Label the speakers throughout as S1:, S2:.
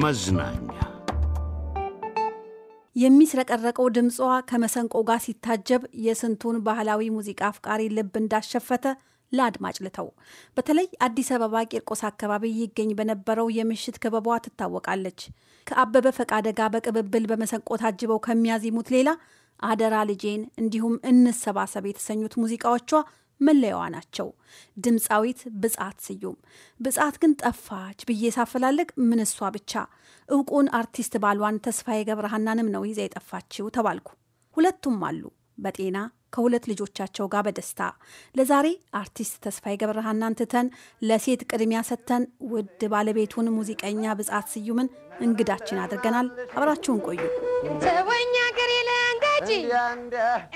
S1: መዝናኛ
S2: የሚስረቀረቀው ድምጿ ከመሰንቆ ጋር ሲታጀብ የስንቱን ባህላዊ ሙዚቃ አፍቃሪ ልብ እንዳሸፈተ ለአድማጭ ልተው። በተለይ አዲስ አበባ ቂርቆስ አካባቢ ይገኝ በነበረው የምሽት ክበቧ ትታወቃለች። ከአበበ ፈቃደ ጋር በቅብብል በመሰንቆ ታጅበው ከሚያዜሙት ሌላ አደራ ልጄን እንዲሁም እንሰባሰብ የተሰኙት ሙዚቃዎቿ መለያዋ ናቸው። ድምፃዊት ብጻት ስዩም ብጻት ግን ጠፋች ብዬ ሳፈላልግ ምን እሷ ብቻ እውቁን አርቲስት ባሏን ተስፋዬ ገብረሃናንም ነው ይዛ የጠፋችው ተባልኩ። ሁለቱም አሉ በጤና ከሁለት ልጆቻቸው ጋር በደስታ ለዛሬ አርቲስት ተስፋዬ ገብረሃናን ትተን ለሴት ቅድሚያ ሰጥተን ውድ ባለቤቱን ሙዚቀኛ ብጻት ስዩምን እንግዳችን አድርገናል። አብራችሁን ቆዩ።
S1: ውረጂ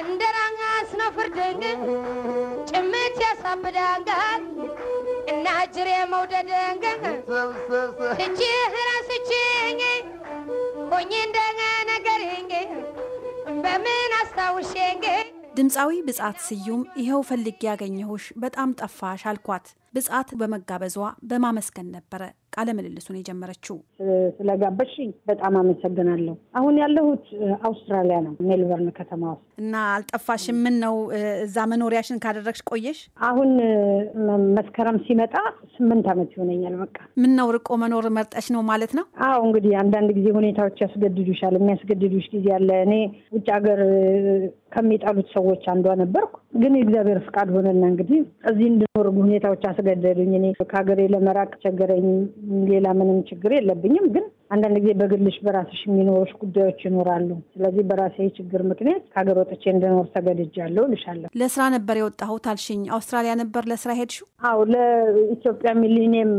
S1: እንደ ራንጋስ ነው ፍርድን ጭምት ያሳብዳንጋል እና እጅሬ መውደደንገን ስችህ ራስችኝ ሆኜ እንደገ ነገርኝ በምን አስታውሼኝ
S2: ድምፃዊ ብጻት ስዩም ይኸው ፈልጌ ያገኘሁሽ በጣም ጠፋሽ አልኳት። ብጻት በመጋበዟ በማመስገን
S3: ነበረ ቃለ ምልልሱን የጀመረችው። ስለጋበዝሽኝ በጣም አመሰግናለሁ። አሁን ያለሁት አውስትራሊያ ነው፣ ሜልበርን ከተማ ውስጥ
S2: እና አልጠፋሽም። ምን ነው እዛ
S3: መኖሪያሽን ካደረግሽ ቆየሽ? አሁን መስከረም ሲመጣ ስምንት ዓመት ይሆነኛል። በቃ ምን ነው ርቆ መኖር መርጠሽ ነው ማለት ነው? አዎ እንግዲህ አንዳንድ ጊዜ ሁኔታዎች ያስገድዱሻል። የሚያስገድዱሽ ጊዜ አለ። እኔ ውጭ ሀገር ከሚጠሉት ሰዎች አንዷ ነበርኩ። ግን የእግዚአብሔር ፍቃድ ሆነና እንግዲህ እዚህ እንድኖር ሁኔታዎች አስገደዱኝ። እኔ ከሀገሬ ለመራቅ ቸገረኝ። ሌላ ምንም ችግር የለብኝም። ግን አንዳንድ ጊዜ በግልሽ በራስሽ የሚኖሩሽ ጉዳዮች ይኖራሉ። ስለዚህ በራሴ ችግር ምክንያት ከሀገር ወጥቼ እንድኖር ተገድጃለሁ ልሻለሁ። ለስራ ነበር የወጣሁት አልሽኝ። አውስትራሊያ ነበር ለስራ ሄድሽው? አዎ ለኢትዮጵያ ሚሊኒየም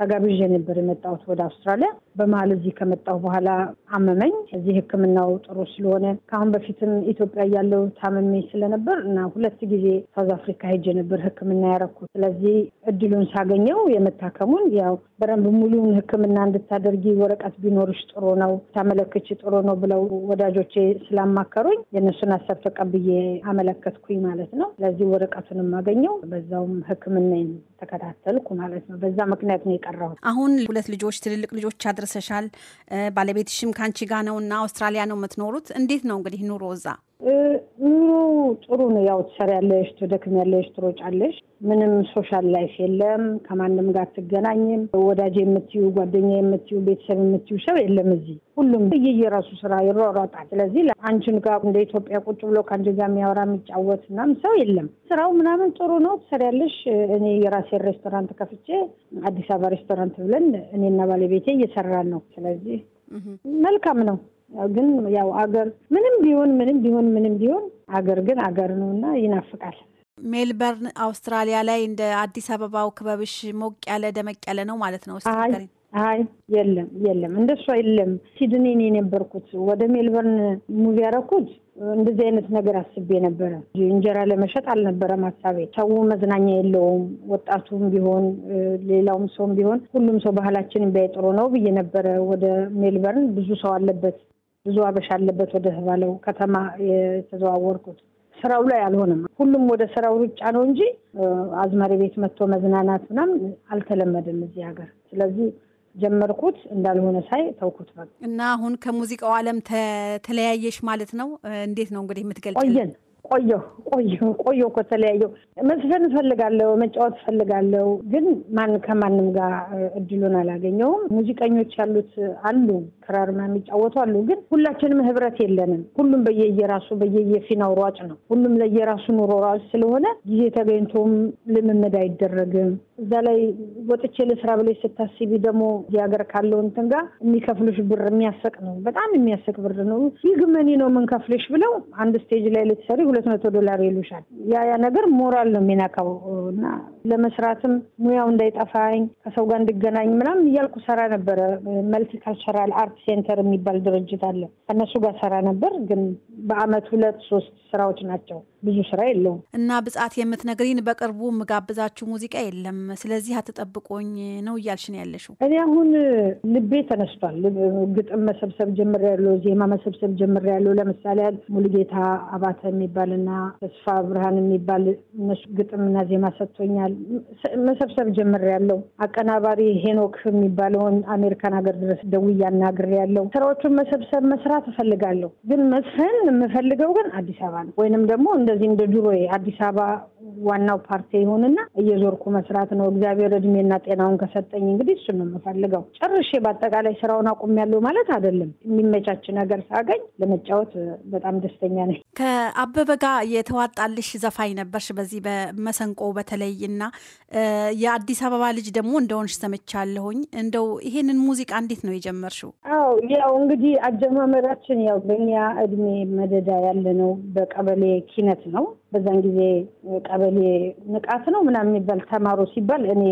S3: ተጋብዤ ነበር የመጣሁት ወደ አውስትራሊያ። በመሀል እዚህ ከመጣሁ በኋላ አመመኝ። እዚህ ሕክምናው ጥሩ ስለሆነ ከአሁን በፊትም ኢትዮጵያ እያለሁ ታመሜ ስለነበር እና ሁለት ጊዜ ሳውዝ አፍሪካ ሄጄ ነበር ሕክምና ያረኩት። ስለዚህ እድሉን ሳገኘው የመታከሙን ያው ነበረን ሙሉን ሕክምና እንድታደርጊ ወረቀት ቢኖርሽ ጥሩ ነው፣ ታመለክች ጥሩ ነው ብለው ወዳጆቼ ስላማከሩኝ የእነሱን ሀሳብ ተቀብዬ አመለከትኩኝ ማለት ነው። ስለዚህ ወረቀቱንም አገኘው፣ በዛውም ሕክምናን ተከታተልኩ ማለት ነው። በዛ ምክንያት ነው የቀረሁት።
S2: አሁን ሁለት ልጆች ትልልቅ ልጆች አድርሰሻል። ባለቤትሽም ከአንቺ ጋ ነው እና አውስትራሊያ ነው የምትኖሩት። እንዴት ነው እንግዲህ ኑሮ እዛ?
S3: ኑሮ ጥሩ ነው። ያው ትሰሪያለሽ፣ ትደክሚያለሽ፣ ትሮጫለሽ። ምንም ሶሻል ላይፍ የለም። ከማንም ጋር አትገናኝም። ወዳጅ የምትዩ ጓደኛ የምትዩ ቤተሰብ የምትዩ ሰው የለም እዚህ። ሁሉም የየራሱ ስራ ይሯሯጣል። ስለዚህ አንቺን ጋር እንደ ኢትዮጵያ ቁጭ ብሎ ከአንቺ ጋር የሚያወራ የሚጫወት ምናምን ሰው የለም። ስራው ምናምን ጥሩ ነው፣ ትሰሪያለሽ። እኔ የራሴን ሬስቶራንት ከፍቼ አዲስ አበባ ሬስቶራንት ብለን እኔና ባለቤቴ እየሰራን ነው። ስለዚህ መልካም ነው። ግን ያው አገር ምንም ቢሆን ምንም ቢሆን ምንም ቢሆን አገር ግን አገር ነው እና ይናፍቃል።
S2: ሜልበርን አውስትራሊያ ላይ እንደ አዲስ አበባው ክበብሽ ሞቅ ያለ ደመቅ ያለ
S3: ነው ማለት ነው? አይ የለም የለም፣ እንደሱ የለም። ሲድኒ ነው የነበርኩት። ወደ ሜልበርን ሙቪ ያረኩት እንደዚህ አይነት ነገር አስቤ ነበረ። እንጀራ ለመሸጥ አልነበረም ሀሳቤ። ሰው መዝናኛ የለውም፣ ወጣቱም ቢሆን ሌላውም ሰውም ቢሆን ሁሉም ሰው ባህላችን ቢያይ ጥሩ ነው ብዬ ነበረ። ወደ ሜልበርን ብዙ ሰው አለበት ብዙ አበሻ አለበት ወደተባለው ከተማ የተዘዋወርኩት ስራው ላይ አልሆነም። ሁሉም ወደ ስራው ሩጫ ነው እንጂ አዝማሪ ቤት መጥቶ መዝናናት ምናምን አልተለመደም እዚህ ሀገር። ስለዚህ ጀመርኩት እንዳልሆነ ሳይ ተውኩት። በቃ
S2: እና አሁን ከሙዚቃው አለም ተለያየሽ ማለት ነው። እንዴት ነው እንግዲህ የምትገልጭ? ቆየን
S3: ቆየሁ ቆየሁ ቆየሁ እኮ ተለያየሁ። መስፈን እፈልጋለሁ፣ መጫወት እፈልጋለሁ፣ ግን ማን ከማንም ጋር እድሉን አላገኘውም። ሙዚቀኞች ያሉት አሉ፣ ክራር የሚጫወቱ አሉ፣ ግን ሁላችንም ህብረት የለንም። ሁሉም በየየራሱ በየየፊናው ሯጭ ነው። ሁሉም ለየራሱ ኑሮ ሯጭ ስለሆነ ጊዜ ተገኝቶም ልምምድ አይደረግም። እዛ ላይ ወጥቼ ለስራ ብለሽ ስታስቢ ደግሞ ሀገር ካለው እንትን ጋር የሚከፍሉሽ ብር የሚያሰቅ ነው፣ በጣም የሚያሰቅ ብር ነው። ይህ ግመኔ ነው ምንከፍልሽ ብለው አንድ ስቴጅ ላይ ልትሰሪ ሁለት መቶ ዶላር ይሉሻል። ያ ያ ነገር ሞራል ነው የሚናካው እና ለመስራትም ሙያው እንዳይጠፋኝ ከሰው ጋር እንድገናኝ ምናምን እያልኩ ሰራ ነበረ። መልቲካልቸራል አርት ሴንተር የሚባል ድርጅት አለ። ከእነሱ ጋር ሰራ ነበር። ግን በአመት ሁለት ሶስት ስራዎች ናቸው። ብዙ ስራ የለውም እና
S2: ብጻት የምትነግሪን በቅርቡ ምጋብዛችሁ ሙዚቃ የለም፣ ስለዚህ አትጠብቆኝ ነው እያልሽን ያለሽው።
S3: እኔ አሁን ልቤ ተነስቷል። ግጥም መሰብሰብ ጀምሬያለሁ። ዜማ መሰብሰብ ጀምሬያለሁ። ለምሳሌ ሙሉጌታ አባተ የሚባል የሚባልና ተስፋ ብርሃን የሚባል እነሱ ግጥምና ዜማ ሰጥቶኛል። መሰብሰብ ጀምር ያለው አቀናባሪ ሄኖክ የሚባለውን አሜሪካን ሀገር ድረስ ደውዬ ያለው ስራዎቹን መሰብሰብ መስራት እፈልጋለሁ። ግን መስፍን የምፈልገው ግን አዲስ አበባ ነው። ወይንም ደግሞ እንደዚህ እንደ ድሮ አዲስ አበባ ዋናው ፓርቲ ይሁንና እየዞርኩ መስራት ነው። እግዚአብሔር እድሜና ጤናውን ከሰጠኝ እንግዲህ እሱን ነው የምፈልገው። ጨርሼ በአጠቃላይ ስራውን ያለው ማለት አይደለም። የሚመቻች ነገር ሳገኝ ለመጫወት በጣም ደስተኛ ነኝ።
S2: ከአበበ ጋ የተዋጣልሽ ዘፋኝ ነበርሽ በዚህ በመሰንቆ በተለይ እና የአዲስ አበባ ልጅ ደግሞ እንደሆንሽ ሰምቻለሁኝ። እንደው ይሄንን ሙዚቃ እንዴት ነው የጀመርሽው?
S3: አዎ ያው እንግዲህ አጀማመራችን ያው በእኛ እድሜ መደዳ ያለነው በቀበሌ ኪነት ነው በዛን ጊዜ ቀበሌ ንቃት ነው ምናምን የሚባል ተማሩ ሲባል እኔ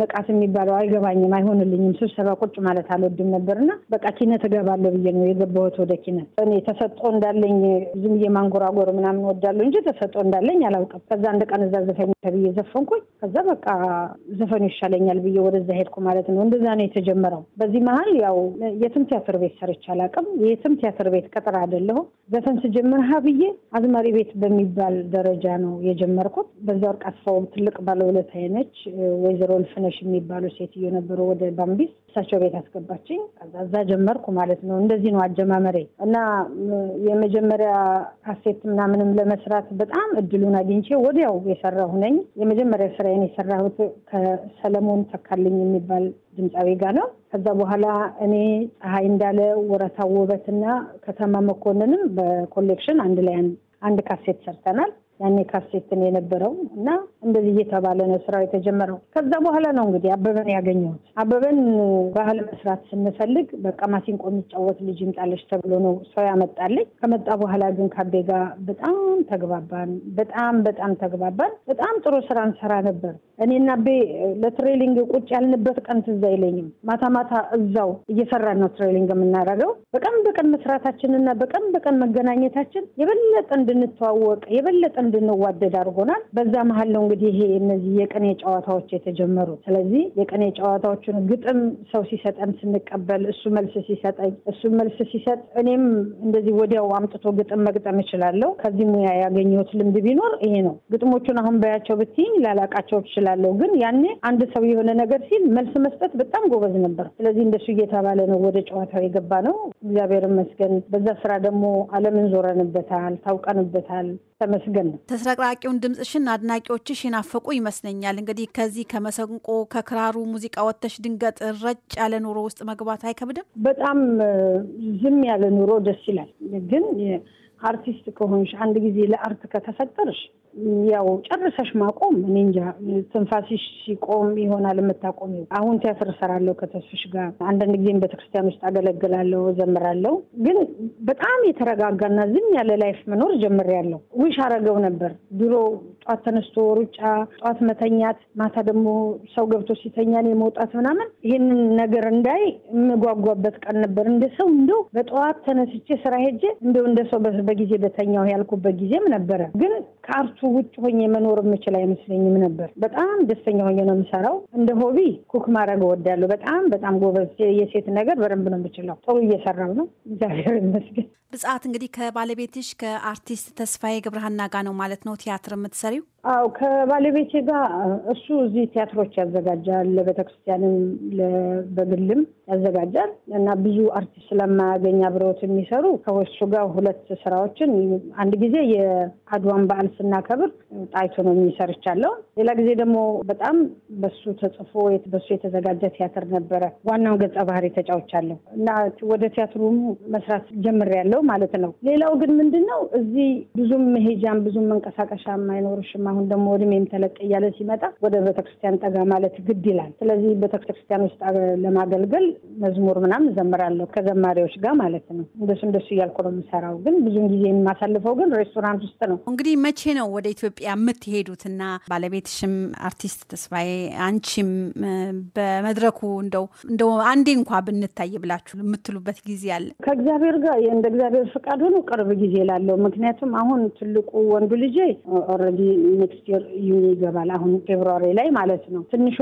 S3: ንቃት የሚባለው አይገባኝም፣ አይሆንልኝም። ስብሰባ ቁጭ ማለት አልወድም ነበርና በቃ ኪነት እገባለሁ ብዬ ነው የገባሁት ወደ ኪነት። እኔ ተሰጦ እንዳለኝ ዝም ብዬ ማንጎራጎር ምናምን ወዳለሁ እንጂ ተሰጦ እንዳለኝ አላውቅም። ከዛ አንድ ቀን እዛ ዘፈኝ ተብዬ ዘፈንኩኝ። ከዛ በቃ ዘፈኑ ይሻለኛል ብዬ ወደዛ ሄድኩ ማለት ነው። እንደዛ ነው የተጀመረው። በዚህ መሀል ያው የትም ቲያትር ቤት ሰርቼ አላውቅም። የትም ቲያትር ቤት ቀጠር አይደለሁም። ዘፈን ስጀምር ሀ ብዬ አዝማሪ ቤት በሚባል ደረጃ ነው የጀመርኩት። በዛ ወርቅ አስፋውም ትልቅ ባለውለታ ነች። ወይዘሮ ልፍነሽ የሚባሉ ሴትዮ ነበሩ። ወደ ባምቢስ እሳቸው ቤት አስገባችኝ። እዛ ጀመርኩ ማለት ነው። እንደዚህ ነው አጀማመሬ እና የመጀመሪያ ካሴት ምናምንም ለመስራት በጣም እድሉን አግኝቼ ወዲያው የሰራሁ ነኝ። የመጀመሪያ ስራዬን የሰራሁት ከሰለሞን ተካልኝ የሚባል ድምፃዊ ጋር ነው። ከዛ በኋላ እኔ ፀሐይ እንዳለ፣ ወረታ ውበትና ከተማ መኮንንም በኮሌክሽን አንድ ላይ አንድ ካሴት ሰርተናል። ያኔ ካሴትን የነበረው እና እንደዚህ እየተባለ ነው ስራው የተጀመረው። ከዛ በኋላ ነው እንግዲህ አበበን ያገኘሁት። አበበን ባህል መስራት ስንፈልግ በቃ ማሲንቆ የሚጫወት ልጅ ይምጣለች ተብሎ ነው ሰው ያመጣለኝ። ከመጣ በኋላ ግን ካቤ ጋር በጣም ተግባባን። በጣም በጣም ተግባባን። በጣም ጥሩ ስራ እንሰራ ነበር። እኔና ቤ ለትሬሊንግ ቁጭ ያልንበት ቀን ትዝ አይለኝም። ማታ ማታ እዛው እየሰራን ነው ትሬሊንግ የምናደርገው። በቀን በቀን መስራታችንና በቀን በቀን መገናኘታችን የበለጠ እንድንተዋወቅ የበለጠ እንድንዋደድ አድርጎናል። በዛ መሀል ነው እንግዲህ ይሄ እነዚህ የቅኔ ጨዋታዎች የተጀመሩ ስለዚህ የቅኔ ጨዋታዎቹን ግጥም ሰው ሲሰጠን ስንቀበል፣ እሱ መልስ ሲሰጠኝ፣ እሱ መልስ ሲሰጥ እኔም እንደዚህ ወዲያው አምጥቶ ግጥም መግጠም እችላለሁ። ከዚህ ሙያ ያገኘሁት ልምድ ቢኖር ይሄ ነው። ግጥሞቹን አሁን በያቸው ብትይኝ ላላቃቸው እችላለሁ፣ ግን ያኔ አንድ ሰው የሆነ ነገር ሲል መልስ መስጠት በጣም ጎበዝ ነበር። ስለዚህ እንደሱ እየተባለ ነው ወደ ጨዋታው የገባ ነው። እግዚአብሔር ይመስገን። በዛ ስራ ደግሞ ዓለምን ዞረንበታል፣ ታውቀንበታል። ተመስገን
S2: ተስረቅራቂውን ድምፅሽን አድናቂዎችሽ ይናፈቁ ይመስለኛል። እንግዲህ ከዚህ ከመሰንቆ ከክራሩ ሙዚቃ ወጥተሽ
S3: ድንገት ረጭ ያለ ኑሮ ውስጥ መግባት አይከብድም? በጣም ዝም ያለ ኑሮ ደስ ይላል። ግን አርቲስት ከሆንሽ አንድ ጊዜ ለአርት ከተፈጠርሽ ያው ጨርሰሽ ማቆም እኔ እንጃ። ትንፋሲሽ ሲቆም ይሆናል የምታቆሚው። አሁን ቲያትር እሰራለሁ ከተስፍሽ ጋር አንዳንድ ጊዜም ቤተክርስቲያን ውስጥ አገለግላለሁ፣ እዘምራለሁ። ግን በጣም የተረጋጋና ዝም ያለ ላይፍ መኖር ጀምሬያለሁ። ውሽ አረገው ነበር ድሮ ጠዋት ተነስቶ ሩጫ፣ ጠዋት መተኛት፣ ማታ ደግሞ ሰው ገብቶ ሲተኛ እኔ መውጣት ምናምን፣ ይህንን ነገር እንዳይ የምጓጓበት ቀን ነበር። እንደ ሰው እንደው በጠዋት ተነስቼ ስራ ሄጄ እንደው እንደ ሰው በጊዜ በተኛው ያልኩበት ጊዜም ነበረ ግን ከአርቱ ውጭ ሆኜ መኖር የምችል አይመስለኝም ነበር። በጣም ደስተኛ ሆኜ ነው የምሰራው። እንደ ሆቢ ኩክ ማድረግ እወዳለሁ። በጣም በጣም ጎበዝ የሴት ነገር በደንብ ነው የምችለው። ጥሩ እየሰራው ነው፣ እግዚአብሔር ይመስገን።
S2: ብጽዓት፣ እንግዲህ ከባለቤትሽ ከአርቲስት ተስፋዬ ገብረሃና ጋር ነው ማለት ነው ቲያትር የምትሰሪው?
S3: አው ከባለቤቴ ጋር እሱ እዚህ ቲያትሮች ያዘጋጃል፣ ለቤተክርስቲያንም በግልም ያዘጋጃል እና ብዙ አርቲስት ስለማያገኝ አብረውት የሚሰሩ ከወሱ ጋር ሁለት ስራዎችን አንድ ጊዜ የአድዋን በዓል ስናከብር ጣይቶ ነው የሚሰርቻለው። ሌላ ጊዜ ደግሞ በጣም በሱ ተጽፎ በሱ የተዘጋጀ ቲያትር ነበረ። ዋናውን ገጸ ባህሪ ተጫውቻለሁ እና ወደ ቲያትሩም መስራት ጀምሬያለሁ ማለት ነው። ሌላው ግን ምንድን ነው እዚህ ብዙም መሄጃም ብዙም መንቀሳቀሻ አይኖርሽም። አሁን ደግሞ እድሜም ተለቅ እያለ ሲመጣ ወደ ቤተክርስቲያን ጠጋ ማለት ግድ ይላል። ስለዚህ ቤተክርስቲያን ውስጥ ለማገልገል መዝሙር ምናምን ዘምራለሁ ከዘማሪዎች ጋር ማለት ነው። እንደሱ እንደሱ እያልኩ ነው የምሰራው። ግን ብዙን ጊዜ የማሳልፈው ግን ሬስቶራንት ውስጥ ነው።
S2: እንግዲህ መቼ ነው ወደ ኢትዮጵያ የምትሄዱትና ባለቤትሽም አርቲስት ተስፋዬ አንቺም በመድረኩ እንደው እንደው አንዴ እንኳ ብንታይ ብላችሁ የምትሉበት ጊዜ አለ?
S3: ከእግዚአብሔር ጋር እንደ እግዚአብሔር ፍቃድ ሆኖ ቅርብ ጊዜ ላለው ምክንያቱም አሁን ትልቁ ወንዱ ልጄ ኦልሬዲ ኔክስት ይር ዩኒ ይገባል። አሁን ፌብሯሪ ላይ ማለት ነው። ትንሿ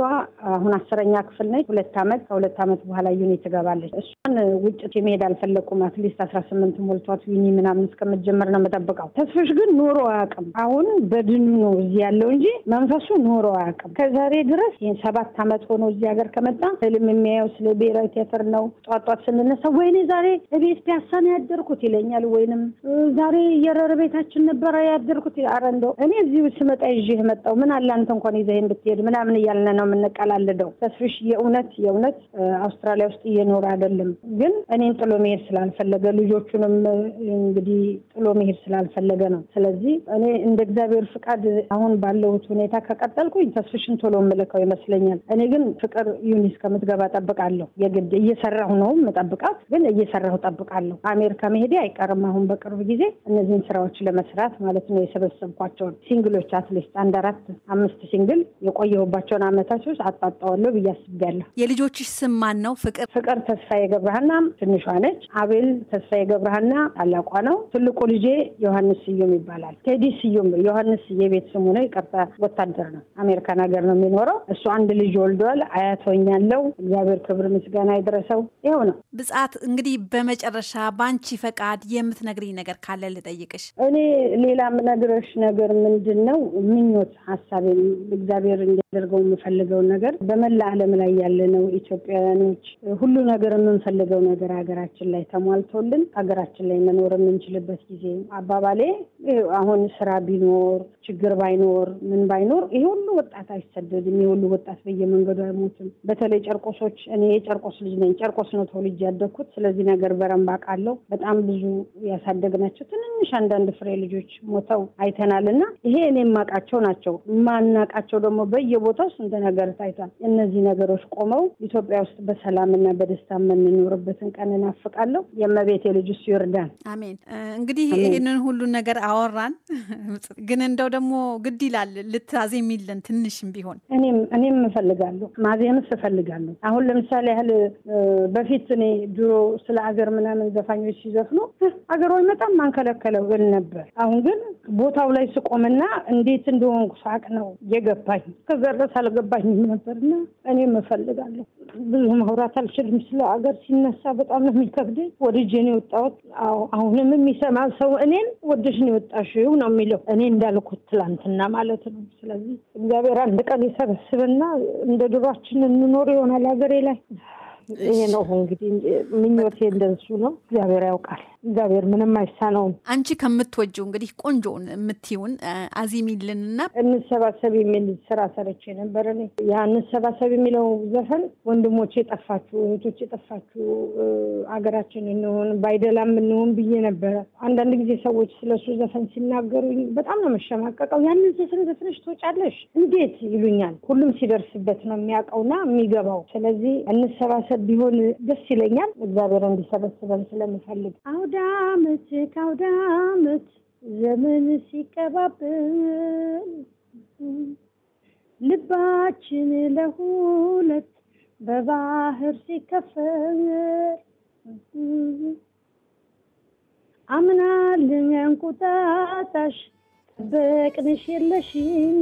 S3: አሁን አስረኛ ክፍል ነች። ሁለት ዓመት ከሁለት ዓመት በኋላ ዩኒ ትገባለች። እሷን ውጭ የመሄድ አልፈለኩም። አትሊስት አስራ ስምንት ሞልቷት ዩኒ ምናምን እስከምትጀምር ነው የምጠብቀው። ተስፍሽ ግን ኑሮ አያውቅም አላውቅም። አሁን በድኑ ነው እዚህ ያለው እንጂ መንፈሱ ኖሮ አያውቅም። ከዛሬ ድረስ ይህን ሰባት አመት ሆኖ እዚህ ሀገር ከመጣ ህልም የሚያየው ስለ ብሔራዊ ቴአትር ነው። ጧጧት ስንነሳ ወይኔ ዛሬ እቤት ፒያሳ ነው ያደርኩት ይለኛል። ወይንም ዛሬ የረር ቤታችን ነበረ ያደርኩት አረ እንደው እኔ እዚሁ ስመጣ ይዤ መጣው ምን አለ አንተ እንኳን ይዘህ ብትሄድ ምናምን እያልን ነው የምንቀላልደው። ተስፍሽ የእውነት የእውነት አውስትራሊያ ውስጥ እየኖረ አይደለም፣ ግን እኔን ጥሎ መሄድ ስላልፈለገ ልጆቹንም እንግዲህ ጥሎ መሄድ ስላልፈለገ ነው። ስለዚህ እኔ እንደ እግዚአብሔር ፍቃድ አሁን ባለሁት ሁኔታ ከቀጠልኩኝ ተስፍሽን ቶሎ የምልከው ይመስለኛል። እኔ ግን ፍቅር ዩኒስ ከምትገባ ጠብቃለሁ። የግድ እየሰራሁ ነው የምጠብቃት፣ ግን እየሰራሁ ጠብቃለሁ። አሜሪካ መሄዴ አይቀርም። አሁን በቅርብ ጊዜ እነዚህን ስራዎች ለመስራት ማለት ነው የሰበሰብኳቸውን ሲንግሎች አትሊስት አንድ አራት አምስት ሲንግል የቆየሁባቸውን ውስጥ አጣጣዋለሁ ብዬ አስቤያለሁ። የልጆችሽ ስም ማን ነው? ፍቅር ፍቅር ተስፋዬ ገብረሃና ትንሿ ነች። አቤል ተስፋዬ ገብረሃና ታላቋ ነው። ትልቁ ልጄ ዮሐንስ ስዩም ይባላል። ቴዲ ስዩም ዮሐንስ የቤት ስሙ ነው፣ ይቅርታ ወታደር ነው። አሜሪካን ሀገር ነው የሚኖረው። እሱ አንድ ልጅ ወልዷል። አያቶኛለው። እግዚአብሔር ክብር ምስጋና ይድረሰው። ይኸው ነው
S2: ብጻት። እንግዲህ በመጨረሻ በአንቺ ፈቃድ የምትነግሪኝ ነገር ካለ ልጠይቅሽ።
S3: እኔ ሌላ ምነግርሽ ነገር ምንድን ነው ምኞት ሀሳብ እግዚአብሔር እንዲያደርገው የምፈልገውን ነገር በመላ ዓለም ላይ ያለነው ኢትዮጵያውያኖች ሁሉ ነገር የምንፈልገው ነገር ሀገራችን ላይ ተሟልቶልን ሀገራችን ላይ መኖር የምንችልበት ጊዜ አባባሌ አሁን ስራ ቢኖር ችግር ባይኖር ምን ባይኖር ይሄ ሁሉ ወጣት አይሰደድም። ይሄ ሁሉ ወጣት በየመንገዱ አይሞትም። በተለይ ጨርቆሶች፣ እኔ የጨርቆስ ልጅ ነኝ። ጨርቆስ ነው ተወልጄ ያደግኩት። ስለዚህ ነገር በረንብ አውቃለሁ። በጣም ብዙ ያሳደግናቸው ትንንሽ አንዳንድ ፍሬ ልጆች ሞተው አይተናል እና ይሄ እኔ የማውቃቸው ናቸው። የማናውቃቸው ደግሞ በየቦታው ስንት ነገር ታይቷል። እነዚህ ነገሮች ቆመው ኢትዮጵያ ውስጥ በሰላምና በደስታ የምንኖርበትን ቀን እናፍቃለሁ። የእመቤቴ ልጅ እሱ ይርዳን።
S2: አሜን። እንግዲህ ይህንን ሁሉን ነገር አወራን። ግን እንደው ደግሞ ግድ ይላል ልታዜ የሚልን ትንሽም ቢሆን
S3: እኔም እኔም እፈልጋለሁ ማዜምስ እፈልጋለሁ። አሁን ለምሳሌ ያህል በፊት እኔ ድሮ ስለ አገር ምናምን ዘፋኞች ሲዘፍኑ አገሯ በጣም ማንከለከለው ብል ነበር። አሁን ግን ቦታው ላይ ስቆምና እንዴት እንደሆንኩ ሳቅ ነው የገባኝ። ከዘረስ አልገባኝም ነበርና እኔም እፈልጋለሁ። ብዙ ማውራት አልችልም ስለ አገር ሲነሳ በጣም ነው የሚከብደኝ። ወድጄን የወጣሁት አሁንም የሚሰማ ሰው እኔን ወደሽን የወጣሽው ነው የሚለው አለው እኔ እንዳልኩት ትላንትና ማለት ነው። ስለዚህ እግዚአብሔር አንድ ቀን ይሰበስብና እንደ ድሯችን እንኖር ይሆናል ሀገሬ ላይ። ይሄ ነው እንግዲህ ምኞቴ፣ እንደሱ ነው። እግዚአብሔር ያውቃል። እግዚአብሔር ምንም አይሳነውም። አንቺ ከምትወጂው እንግዲህ ቆንጆውን የምትይውን አዚሚልንና እንሰባሰብ የሚል ስራ ሰረች ነበር። ያ እንሰባሰብ የሚለው ዘፈን ወንድሞቼ የጠፋችሁ እህቶች የጠፋችሁ፣ አገራችን እንሆን ባይደላም እንሆን ብዬ ነበረ። አንዳንድ ጊዜ ሰዎች ስለሱ ዘፈን ሲናገሩኝ በጣም ነው መሸማቀቀው። ያንን ዘፈን ዘፍነሽ ትወጫለሽ እንዴት ይሉኛል። ሁሉም ሲደርስበት ነው የሚያውቀውና የሚገባው። ስለዚህ እንሰባሰብ ቢሆን ደስ ይለኛል። እግዚአብሔር እንዲሰበስበን ስለምፈልግ አሁን ከአውዳመት ከአውዳመት ዘመን ሲቀባበል ልባችን ለሁለት በባህር ሲከፈል አምናልን እንቁጣጣሽ ጠበቅንሽ የለሽኝ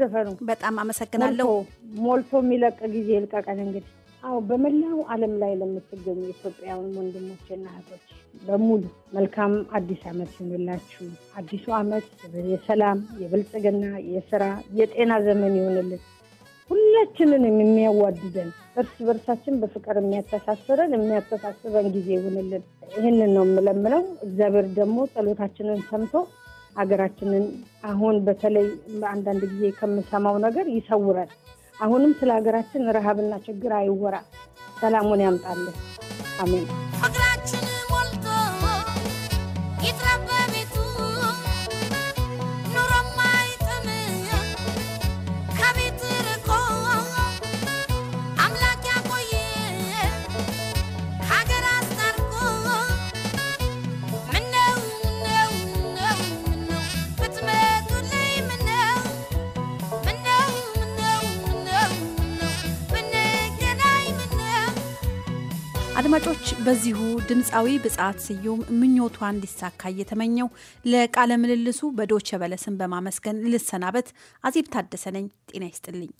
S3: ዘፈኑ። በጣም አመሰግናለሁ። ሞልቶ የሚለቅ ጊዜ ልቀቀን እንግዲህ። አዎ በመላው ዓለም ላይ ለምትገኙ ኢትዮጵያውያን ወንድሞችና እህቶች በሙሉ መልካም አዲስ ዓመት ይሁንላችሁ። አዲሱ ዓመት የሰላም፣ የብልጽግና፣ የስራ፣ የጤና ዘመን ይሆንልን። ሁላችንንም የሚያዋድደን እርስ በርሳችን በፍቅር የሚያተሳስረን የሚያተሳስበን ጊዜ ይሆንልን። ይህንን ነው የምለምነው። እግዚአብሔር ደግሞ ጸሎታችንን ሰምቶ ሀገራችንን አሁን በተለይ በአንዳንድ ጊዜ ከምሰማው ነገር ይሰውረን። አሁንም ስለ ሀገራችን ረሃብና ችግር አይወራ፣ ሰላሙን ያምጣልን። አሜን።
S2: አድማጮች፣ በዚሁ ድምፃዊ ብጻት ስዩም ምኞቷ እንዲሳካ እየተመኘው ለቃለ ምልልሱ በዶቸ በለስን በማመስገን ልሰናበት። አዜብ ታደሰ ነኝ። ጤና ይስጥልኝ።